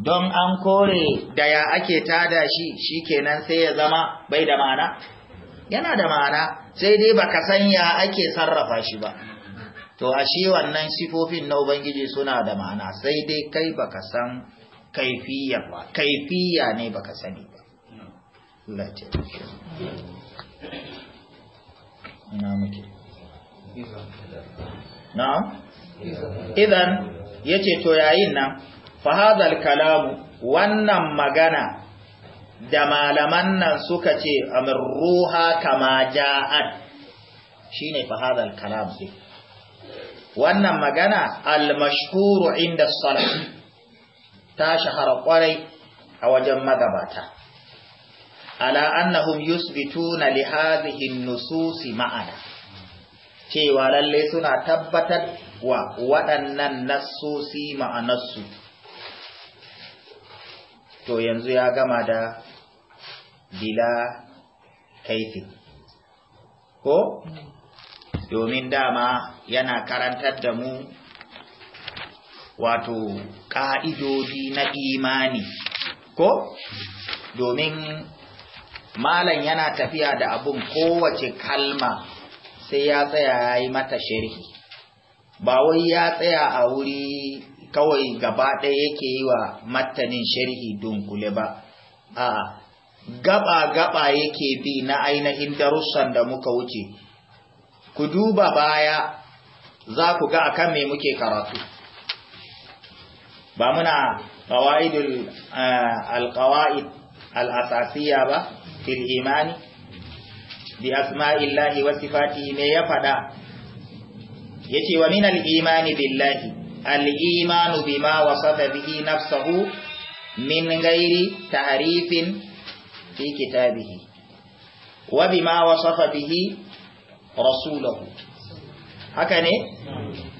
don an kore da ya ake tada shi shi kenan sai ya zama bai da ma'ana yana da ma'ana sai dai baka san ya ake sarrafa shi ba to ashe wannan sifofin na ubangiji suna da ma'ana sai dai kai baka san kaifiya ba kaifiya ne baka sani ba lati na muke idan yace to yayin nan fahadal kalamu wannan magana da malaman nan suka ce amir ruha kama ja'ad ne fahadal kalam din wannan magana almashuru inda Salam ta shahara kwarai a wajen magabata ala annahum yusbituna li hadhihi nususi ma'ana cewa lalle suna tabbatar wa waɗannan nassosi ma'anarsu to yanzu ya gama da bila kaifi ko domin dama yana karantar da mu wato ka'idodi na imani ko domin malam yana tafiya da abun kowace kalma sai ya tsaya ya yi mata shirki, ba wai ya tsaya a wuri kawai gaba ɗaya yake yi wa martanin sharhi dunkule ba a gaba gaba yake bi na ainihin darussan da muka wuce ku duba baya za ku ga akan me muke karatu ba muna qawaidul eh, alqawaid al ba fil imani bi asma'illahi wasu fati me ya fada yace wa minal imani billahi al'imanu bima wasafa bihi nafsahu min gairi ta'rifin fi kitabihi wa bima wasafa bihi rasuluhu, haka ne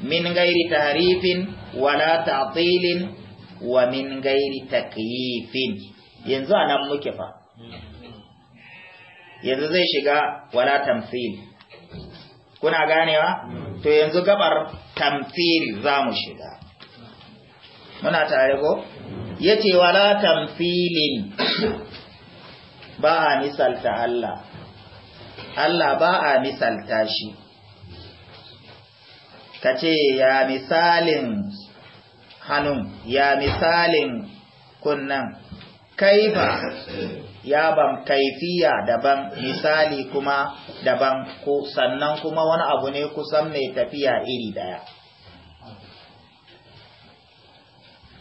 min gairi wa wala ta'tilin wa min gairi takyifin yanzu anan muke fa yanzu zai shiga wala tamthil kuna ganewa to yanzu gabar tamfiri za mu shiga muna tare ko ya ce wala tamfilin ba a misalta Allah Allah ba a misalta shi ka ce ya misalin hannun ya misalin kunnan kaifa ya ban kaifiya daban misali kuma daban ko sannan kuma wani abu ne kusan mai tafiya iri daya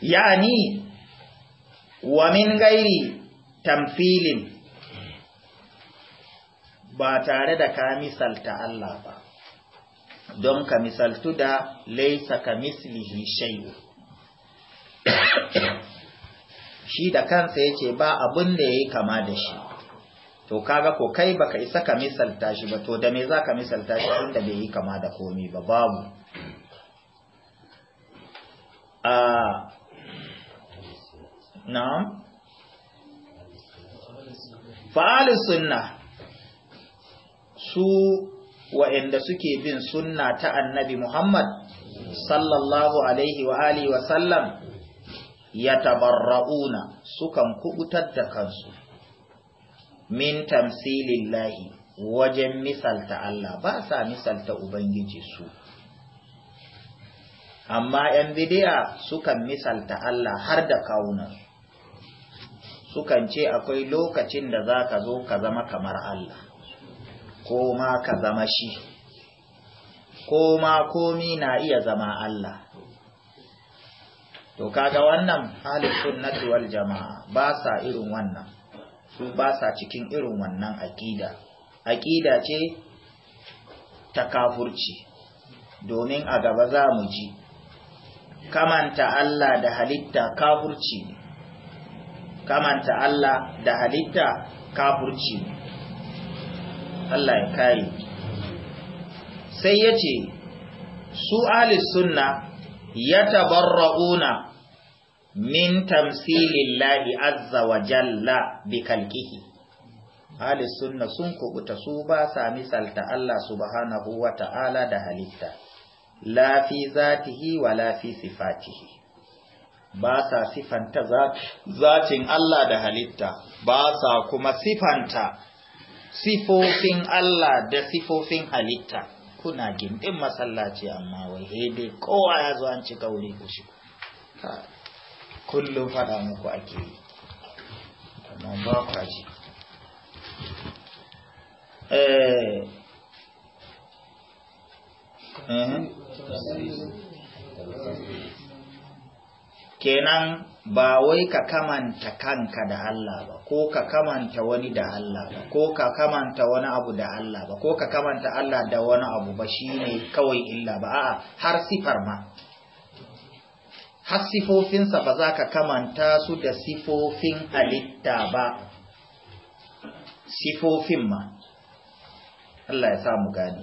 yani wa min gairi tamfilin ba tare da ka misalta Allah ba don ka misaltu da laisa ka mislihi shay'un shi da kansa yake ba abin da yayi kama da shi to kaga ko kai baka isa ka misalta shi ba to da me ka misalta shi inda bai yi kama da komai ba babu a na'am fa'alin sunna su wa'inda suke bin sunna ta annabi Muhammad sallallahu alaihi wa alihi wa sallam yatabarra'una sukan kubutar da kansu min tamsilillahi wajen misalta Allah ba sa misalta ubangiji su amma ‘yan bidiya sukan misalta Allah har da kawunan sukan ce akwai lokacin da za ka zo ka zama kamar Allah ko ma ka zama shi ko ma komi na iya zama Allah to kaga wannan halin sunnati wal jama'a ba sa irin wannan su ba sa cikin irin wannan aƙida aƙida ce ta kafurci domin a gaba za mu ji kamanta Allah da halitta kafurci kamanta Allah da halitta kafurci Allah ya kai sai ya ce su ahli sunna ya min tamsilillahi azza wa jalla bi kalkihi ahli sunna sun kubuta su ba sa misalta Allah subhanahu wa ta'ala da halitta la zatihi wa la sifatihi ba sa sifanta zatin Allah da halitta ba sa kuma sifanta sifofin Allah da sifofin halitta kuna gindin masallaci amma wai dai kowa ya zo an ci ku shi. kullum faɗa muku ake yi amma ba ku aji eh, eh, kenan ba wai ka kamanta kanka da Allah ba ko ka kamanta wani da Allah ba ko ka kamanta wani abu da Allah ba ko ka kamanta Allah da wani abu ba shine kawai illa ba a'a har sifar ma har sifofinsa ba za ka kamanta su da sifofin halitta ba sifofin ma Allah ya samu gani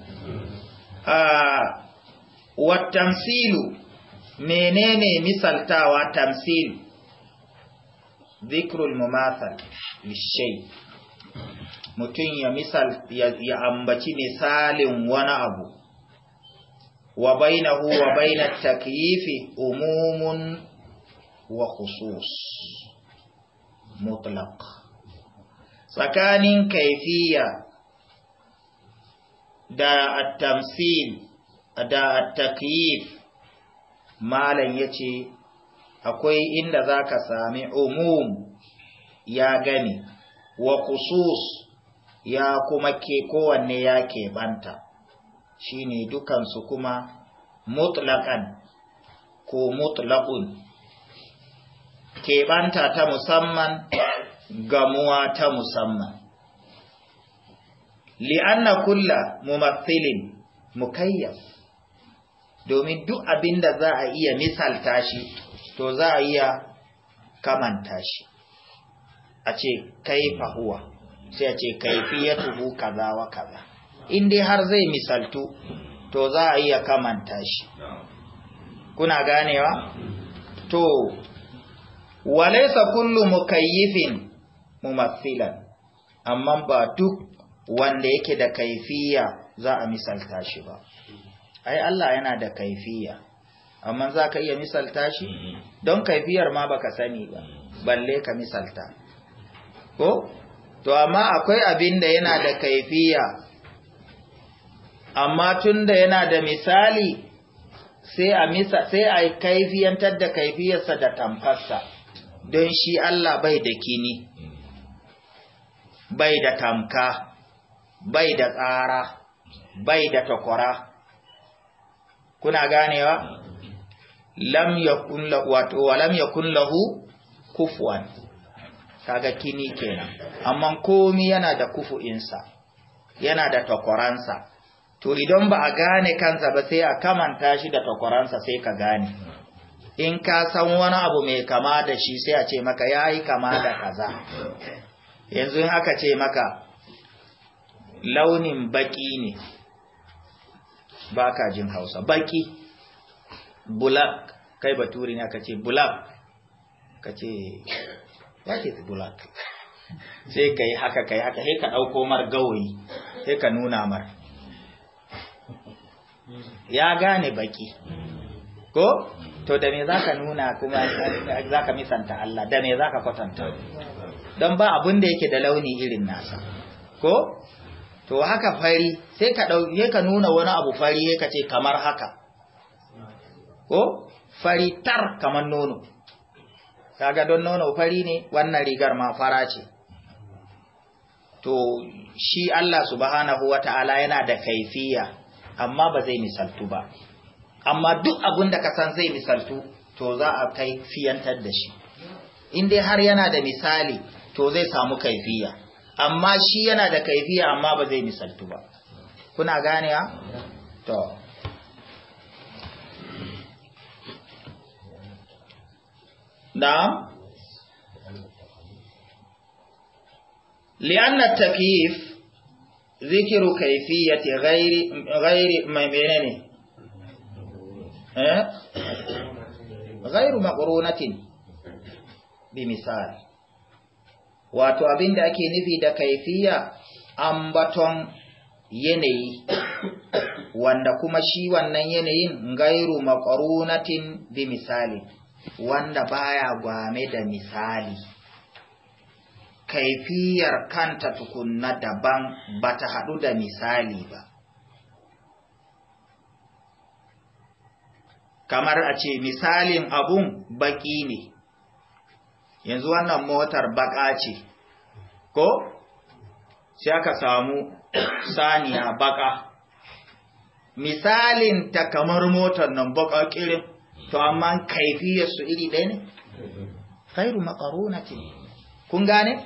watansilu, menene misaltawa tamsil zikrul mumathal lishay mutum ya misal ya ambaci misalin wani abu wa bainahu wa bainat takyifi umumun wa khusus mutlaq tsakanin kaifiya da at da at-takyif malan yace akwai inda zaka sami umum ya gani wa khusus ya kuma ke kowanne ya keɓanta shine dukansu kuma mutlaqan ko mutlaqun keɓanta ta musamman gamuwa ta musamman li'anna kulla mumathilin mukayyaf domin duk abinda za a iya misalta shi to za a iya kamanta shi a ce kaifa huwa sai a ce kaifiyatu kaza wa kaza in dai har zai misaltu to za a iya kamanta shi kuna ganewa to walaisa kullu mukayyifin mumathilan amma ba duk wanda yake da kaifiya za a misalta shi ba ai Allah yana da kaifiya amma za ka iya misalta shi don kaifiyar ma baka sani ba balle ka misalta ko to amma akwai abin da yana da kaifiya amma tun da yana da misali sai a misa sai a kaifiyantar da kaifiyarsa da tamfarsa don shi Allah bai da kini bai da tamka bai da tsara bai da takwara kuna ganewa lam yakun lahu wa lam yakun lahu kufuwan kaga kini kenan amma komi yana da kufu insa, yana da takwaransa to idan ba a gane kansa ba sai a kamanta shi da takwaransa sai ka gane in ka san wani abu mai kama da shi sai a ce maka ya yi kama da kaza yanzu in aka ce maka launin baki ne ba ka jin hausa baki bulak kai baturi ne aka ce bulak ka ce ya ce bulak sai ka yi haka ka yi haka sai ka ɗauko mar gawayi sai ka nuna mar ya gane baki ko to da me zaka nuna kuma zaka misanta Allah da me zaka kwatanta don ba abin da yake da launi irin nasa ko to haka fari sai ka dau ka nuna wani abu fari sai ka ce kamar haka ko fari tar kamar nono kaga don nono fari ne wannan rigar ma fara ce to shi Allah subhanahu wata'ala yana da kaifiya amma ba zai misaltu ba amma duk abin da ka san zai misaltu to za a kai fiyantar da shi in dai har yana da misali to zai samu kaifiya amma shi yana da kaifiya amma ba zai misaltu ba kuna gane ya? to na li'anna zikiru kaifiyati ghairi ghairi mai menene eh ghairu maqrunatin bi misali wato abinda ake nufi da kaifiya ambaton yanayi wanda kuma shi wannan yanayin gairu maqrunatin bi misali wanda baya gwame da misali kaifiyar kanta tukunna daban ba ta haɗu da misali ba kamar a ce misalin abun baƙi ne yanzu wannan motar baƙa ce ko sai aka samu saniya baƙa misalin ta kamar motar nan baƙa ƙirin to amma kaifiyar su iri ɗaya ne kairu makaruna ce kun gane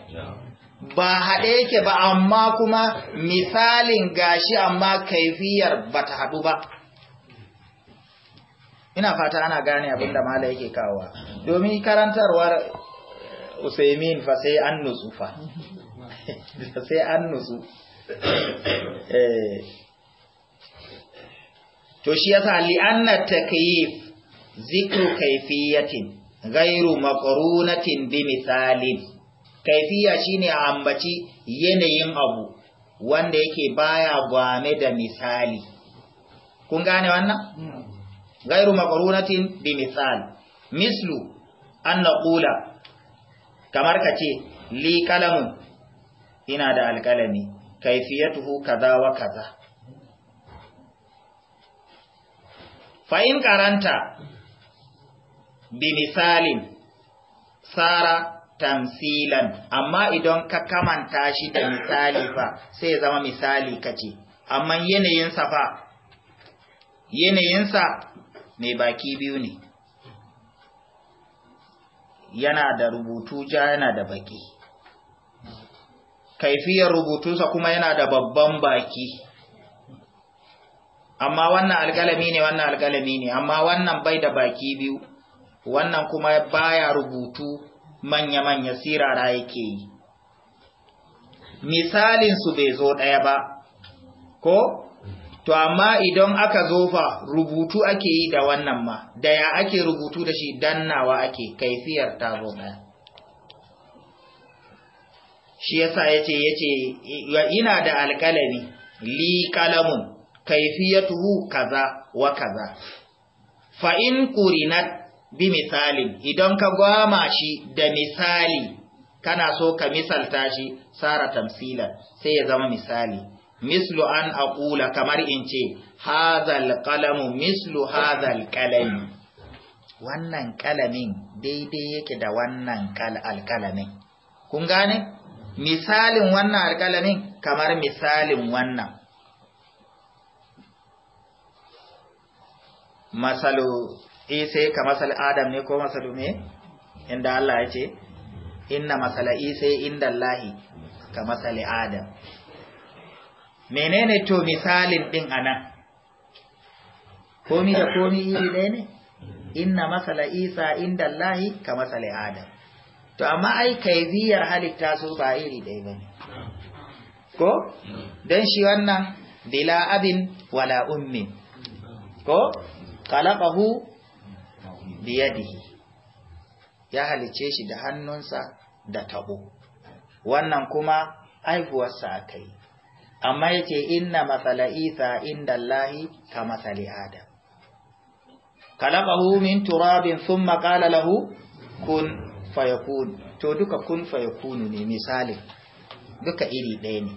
ba haɗe yake ba amma kuma misalin gashi amma kaifiyar ba ta haɗu ba ina fata ana gane abinda mala yake kawowa domin karantarwar usaimin fa sai an nutsu fa sai an nutsu eh. to shi yasa li'anna takyif zikru kaifiyatin, ghairu maqrunatin bi misalin kaifiya shine a ambaci yanayin abu wanda yake baya gwame da misali kun gane wannan gairu maqrunatin bi misal mislu an naqula kamar kace li kalamun ina da alkalami kaifiyatuhu kaza wa kaza fa in karanta bi misalin sara tamsilan amma idan ka kamanta shi da misali fa sai zama misali kace amma yanayinsa fa yanayinsa mai baki biyu ne yana da rubutu ja yana da baki kaifiyar rubutu sa kuma yana da babban baki amma wannan algalami ne wannan algalami ne amma wannan bai da baki biyu wannan kuma baya rubutu manya-manya sirara yake yi misalinsu bai zo ɗaya ba ko to amma idan aka zo fa rubutu ake yi da wannan ma da ya ake rubutu da shi nawa ake kaifiyar ta zo ɗaya shi yasa yace yace ina da alƙalami li kalamun kaifiyatuhu kaza wa kaza fa in bi misalin idan ka gwama shi da misali kana so ka misalta shi sara tamsila sai ya zama misali mislu an aqula kamar in ce hazal qalamu mislu hazal qalami wannan kalamin daidai yake da wannan kal alkalamin kun gane misalin wannan alkalamin kamar misalin wannan masalu isa e, ka masal adam ne ko masal ne inda Allah ya ce inna masala isa e, inda Allahi ka masal adam menene to misalin din anan komi da komi iri ɗaya ne inna masala isa e, inda Allahi ka masal adam to amma ai kaifiyar halitta su ba iri ɗaya ba ne ko don shi wannan bila abin wala ummin ko khalaqahu biyadihi ya halice shi da hannunsa da tabo wannan kuma haihuwarsa a kai amma yace inna matsala isa inda Allahi ka matsali adam kalabahu min turabin sun makala lahu kun fayakun to duka kun fayakunu ne misalin duka iri ɗaya ne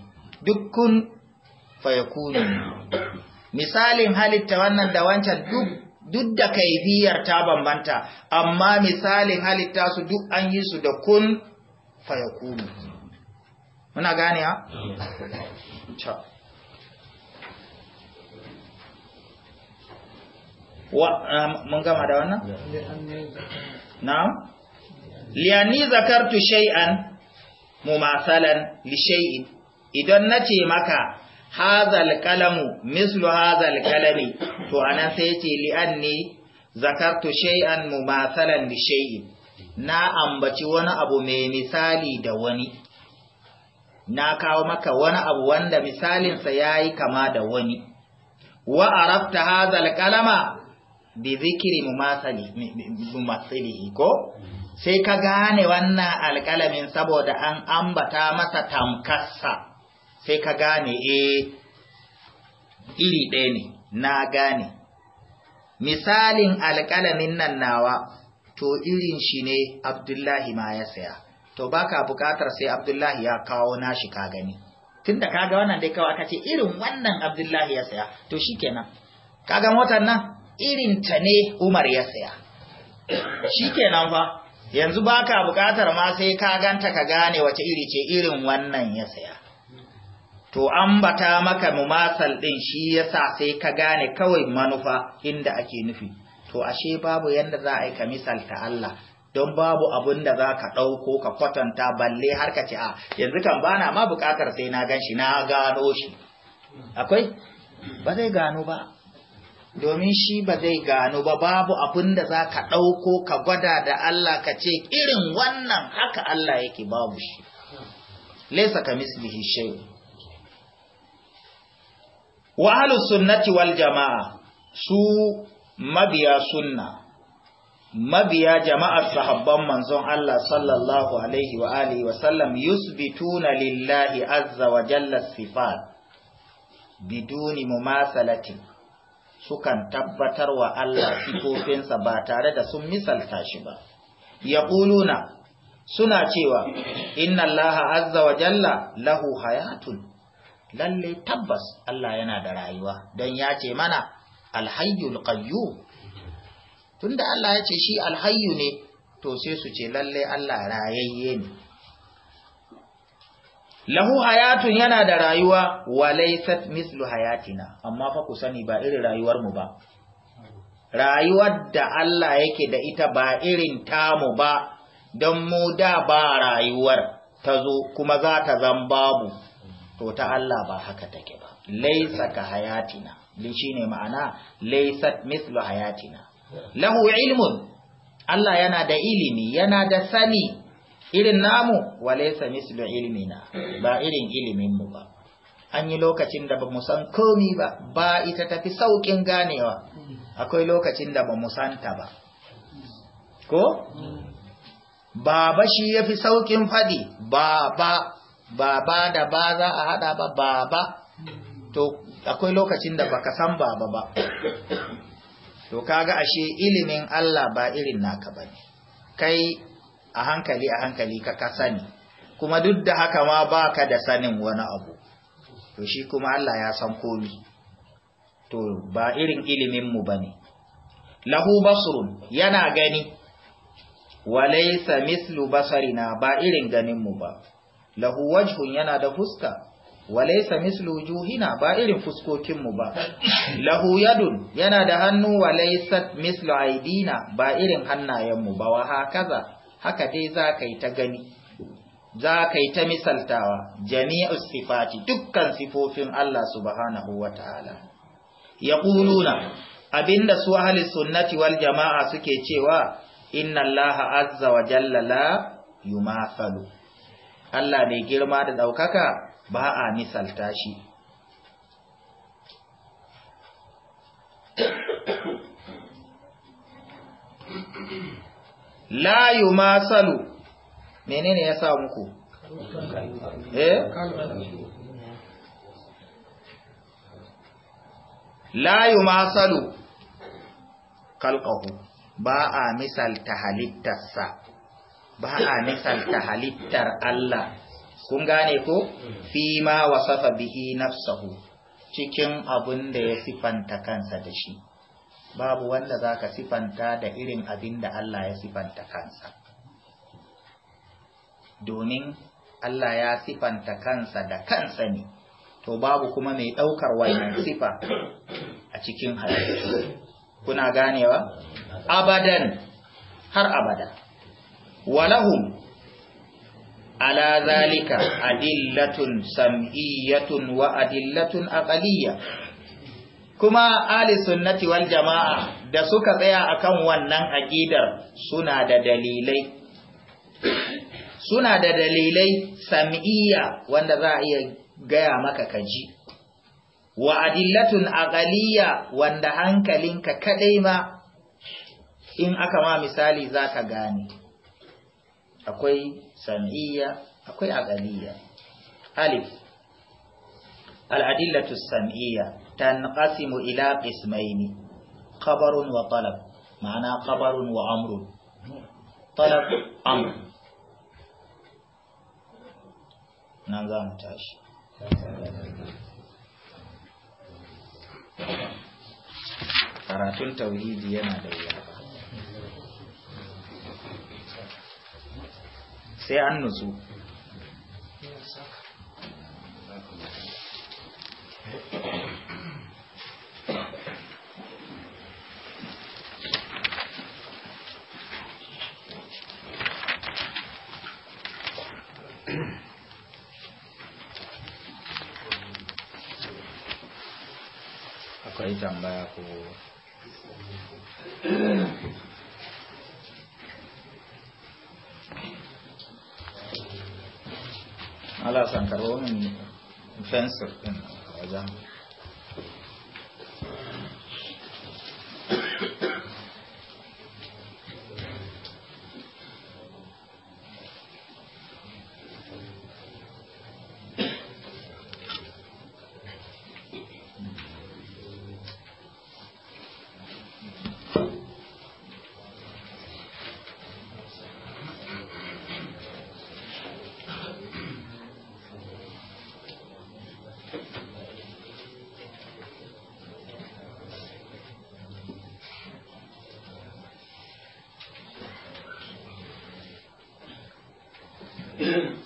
duk kun fayakunu misalin halitta wannan da wancan duk duk da kai biyar ta bambanta amma misalin halitta su duk an yi su da kun fayakumu muna gane ha? Um, mun gama da wannan? na'am liyani zakartu shay'an mumasalan li shay'in idan nace maka hazal kalamu mislu hazal kalami to anan sai ce li'anni zakartu shay'an mumathalan bi shay'in na ambaci wani abu mai misali da wani na kawo maka wani abu wanda misalinsa yayi kama da wani wa arafta hazal kalama bi zikri mumathalihi ko sai ka gane wannan alkalamin saboda an ambata masa tamkassa sai ka gane eh iri ɗaya ne na gane misalin alƙalamin nan nawa to irin shi ne abdullahi ma ya saya to baka buƙatar sai abdullahi ya kawo nashi ka gani tunda kaga wannan dai kawai kace irin wannan abdullahi ya saya to shikenan kaga motar nan irin ta ne umar ya saya shikenan fa yanzu baka buƙatar ma sai ka ganta ka gane wace iri ce irin wannan ya saya to ambata maka mumasal din shi yasa sai ka gane kawai manufa inda ake nufi to ashe babu yanda za a yi ka misalta Allah don babu abun da za ka ɗauko ka kwatanta balle har ka ce a ah, yanzu kan bana ma buƙatar sai na gan shi na gano shi akwai ba zai gano ba domin shi ba zai gano ba babu abun da za ka ɗauko ka gwada da Allah ka ce irin wannan haka Allah yake babu shi laisa ka mislihi shay'un wa ahlus sunnati wal jama'a su mabiya sunna mabiya jama'ar sahabban manzon Allah sallallahu alaihi wa alihi wa sallam yusbituna lillahi azza wa jalla sifat biduni mumasalatin sukan tabbatar wa Allah sifofinsa ba tare da sun misalta shi ba yaquluna suna cewa inna Allaha azza wa jalla lahu hayatun lalle tabbas Allah yana da rayuwa don ya ce mana alhayyul qayyum tunda Allah ya ce shi alhayyu ne to sai su ce lalle Allah rayayye ne lahu hayatun yana da rayuwa wa mislu hayatina amma fa ku sani ba irin rayuwar mu ba rayuwar da Allah yake da ita ba irin tamu ba don mu da ba rayuwar ta zo kuma za ta zan babu to ta Allah ba haka take ba laisa ka hayatina li shine ma'ana laisat mithlu hayatina lahu ilmun Allah yana da ilimi yana da sani irin namu wa laisa mithlu ilmina ba irin ilimin mu ba an yi lokacin da ba mu san komi ba ba ita tafi saukin ganewa akwai lokacin da ba mu ta ba ko baba shi yafi saukin fadi baba baba da ba za a hada ba baba to akwai lokacin da baka san baba ba to kaga ashe ilimin Allah ba irin naka bane kai a hankali a hankali ka ka sani kuma duk da haka ma baka da sanin wani abu to shi kuma Allah ya san komi to ba irin ilimin mu bane lahu basrun yana gani walaysa mislu basarina ba irin ganin mu ba lahu wajhun yana da fuska walaysa mislu wujuhina ba irin fuskokinmu ba lahu yadun yana da hannu walaysat mislu aidina ba irin hannayenmu mu ba wa hakaza haka dai zakai ta gani zakai ta misaltawa jami'us sifati dukkan sifofin Allah subhanahu wataala yaquluna abinda su ahli sunnati wal jama'a suke cewa inna allaha azza wa jalla la yumathalu Allah mai girma da ɗaukaka ba a misalta shi. Layu masalu, menene ya sa muku? Eh? Layu masalu, kalƙahu, ba a misalta halittarsa. ba a misalta halittar Allah kun gane ko fi ma wasafa bihi nafsahu cikin abin da ya sifanta kansa da shi babu wanda za ka sifanta da irin abin da Allah ya sifanta kansa domin Allah ya sifanta kansa da kansa ne to babu kuma mai daukar wannan sifa a cikin halittu kuna ganewa abadan har abada walahum ala zalika adillatun sam'iyyatun wa adillatun aqaliyya kuma ahli sunnati wal jama'a da suka tsaya akan wannan aqidar suna da dalilai suna da dalilai sam'iyya wanda za a iya gaya maka kaji wa adillatun aqaliyya wanda hankalinka kadai ma in aka ma misali zaka gane akwai sam'iyya akwai aqaliyya alif al-adillatu sam'iyya tanqasimu ila qismaini khabarun wa talab ma'ana khabarun wa amrun talab amr nan za mu tashi karatun tauhidi yana da wuya sai an nutsu akwai tambaya ko Sala San Carlos en, en Fencer, en, allá Yeah.